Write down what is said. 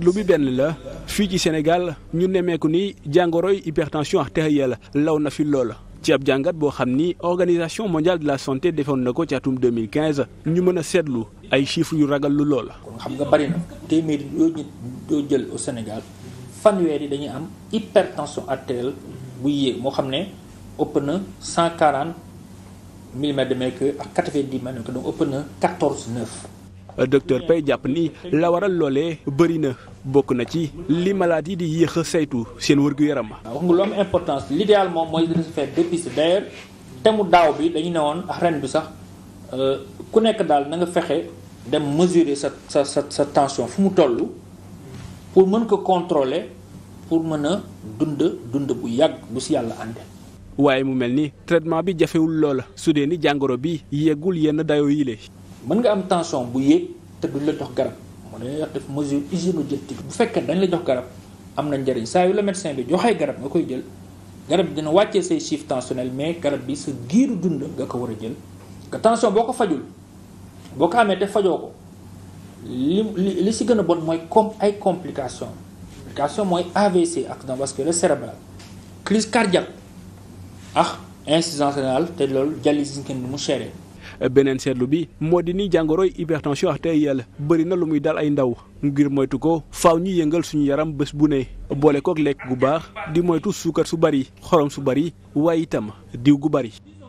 lu bi benn la fii ci Sénégal ñu nemmeeku ni jàngoroy hypertension artérielle law na fi lool ci ab jàngat boo xam ni organisation mondiale de la santé defoon na ko ci atum 2015 ñu mën a seetlu ay chiffres yu ragal lu lool. kon xam nga bari na téeméeri yooyu doo jël au Sénégal fanweer yi dañuy am hypertension artérielle bu yéeg moo xam ne ëpp na 140 millimètres de mercure ak 90 millimètres donc ëpp na 14 9. docteur Paye jàpp ni la waral loole bëri na bokk na ci li malade yi di yéex a saytu seen wërgu-yaram. wax nga lu am importance l'idéal moom mooy de se faire dépister d'ailleurs te mu daaw bi dañu ne woon ak ren bi sax euh, ku nekk daal nanga nga fexe dem mesurer sa sa sa sa fu mu toll pour mën ko contrôler pour mën a dund dund bu yàgg bu si yàlla ànde waaye mu mel ni traitement bi jafewul loola su dee ni jàngoro bi yeggul yenn dayo yile mën nga am tension bu yéeg te duñ la jox garab moo dañuy wax def mesure hygiénodiétique bu fekkee dañu la jox garab am na njëriñ saa yu la médecin bi joxee garab nga koy jël garab bi dana wàccee say chiffre tensionnel mais garab bi sa giiru dund nga ko war a jël nga tension boo ko fajul boo ko amee te fajoo ko li li si gën a bon mooy comme ay complication complication mooy AVC accident vasculaire cérébral crise cardiaque ah insuffisance te loolu dialyse yi ngeen mu chéré beneen seetlu bi moo di ni jàngoroy hypertension yàlla bëri na lu muy dal ay ndaw ngir moytu ko faw ñu yëngal suñu yaram bés bu ne boole kook lekk gu baax di moytu suukar su bari xorom su bari waaye itam diw gu bari